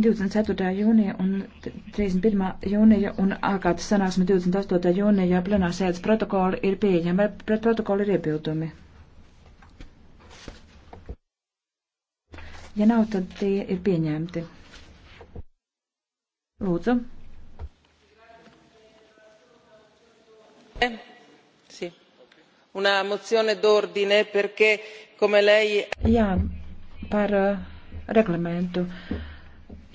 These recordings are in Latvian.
24. jūnija un 31. jūnija un ārkārtas sanāksme 28. jūnijā plenārsēdes protokoli ir pieejami, vai pret protokoli ir iebildumi? Ja nav, tad tie ir pieņemti. Lūdzu. Sì. Una mozione d'ordine perché, come lei... Jā, par uh, reglamentu. Uh,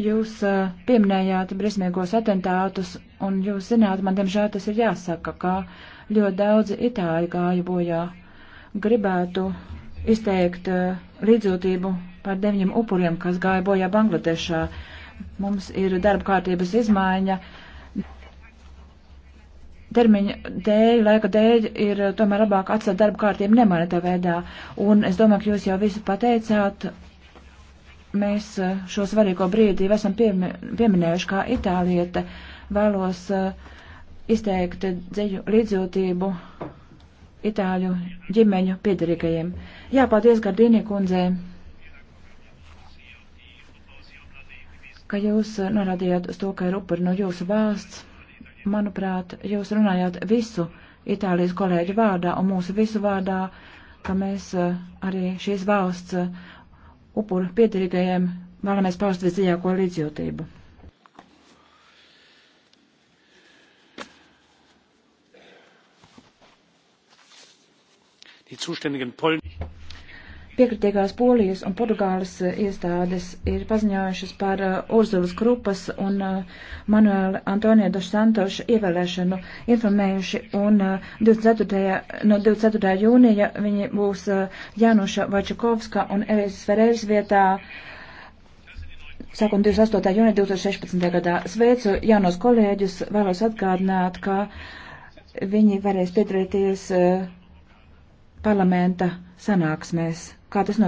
Jūs uh, pieminējāt briesmīgos atentātus, un jūs zināt, man diemžēl tas ir jāsaka, ka ļoti daudzi itāļi gāja bojā. Gribētu izteikt uh, līdzjūtību par deviņiem upuriem, kas gāja bojā Bangladešā. Mums ir darba kārtības izmaiņa. Termiņa dēļ, laika dēļ ir eh, tomēr labāk atstāt darba kārtību nemanētā veidā, un es domāju, ka jūs jau visu pateicāt, mēs eh, šo svarīgo brīdi jau esam pieminējuši kā itālieta, vēlos eh, izteikt dziļu līdzjūtību itāļu ģimeņu piedarīgajiem. Jā, paldies Gardīnī kundzē, ka jūs eh, norādījāt uz to, ka ir upuri no jūsu valsts. Manuprāt, jūs runājāt visu Itālijas kolēģu vārdā un mūsu visu vārdā, ka mēs arī šīs valsts upuru piedarīgajiem vēlamies paust visdziļāko līdzjūtību. Die zuständigen Polen Piekritīgās Polijas un Portugāles eh, iestādes ir paziņojušas par uh, Urzulas Krupas un uh, Manuela Antonija Došsantoša ievēlēšanu informējuši, un uh, 24. no 24. jūnija viņi būs uh, Jānuša Vačakovska un Evis Ferēvis vietā. Sākot 28. jūnija 2016. gadā sveicu jaunos kolēģus, vēlos atgādināt, ka viņi varēs piedalīties uh, parlamenta sanāksmēs kā tas notiek.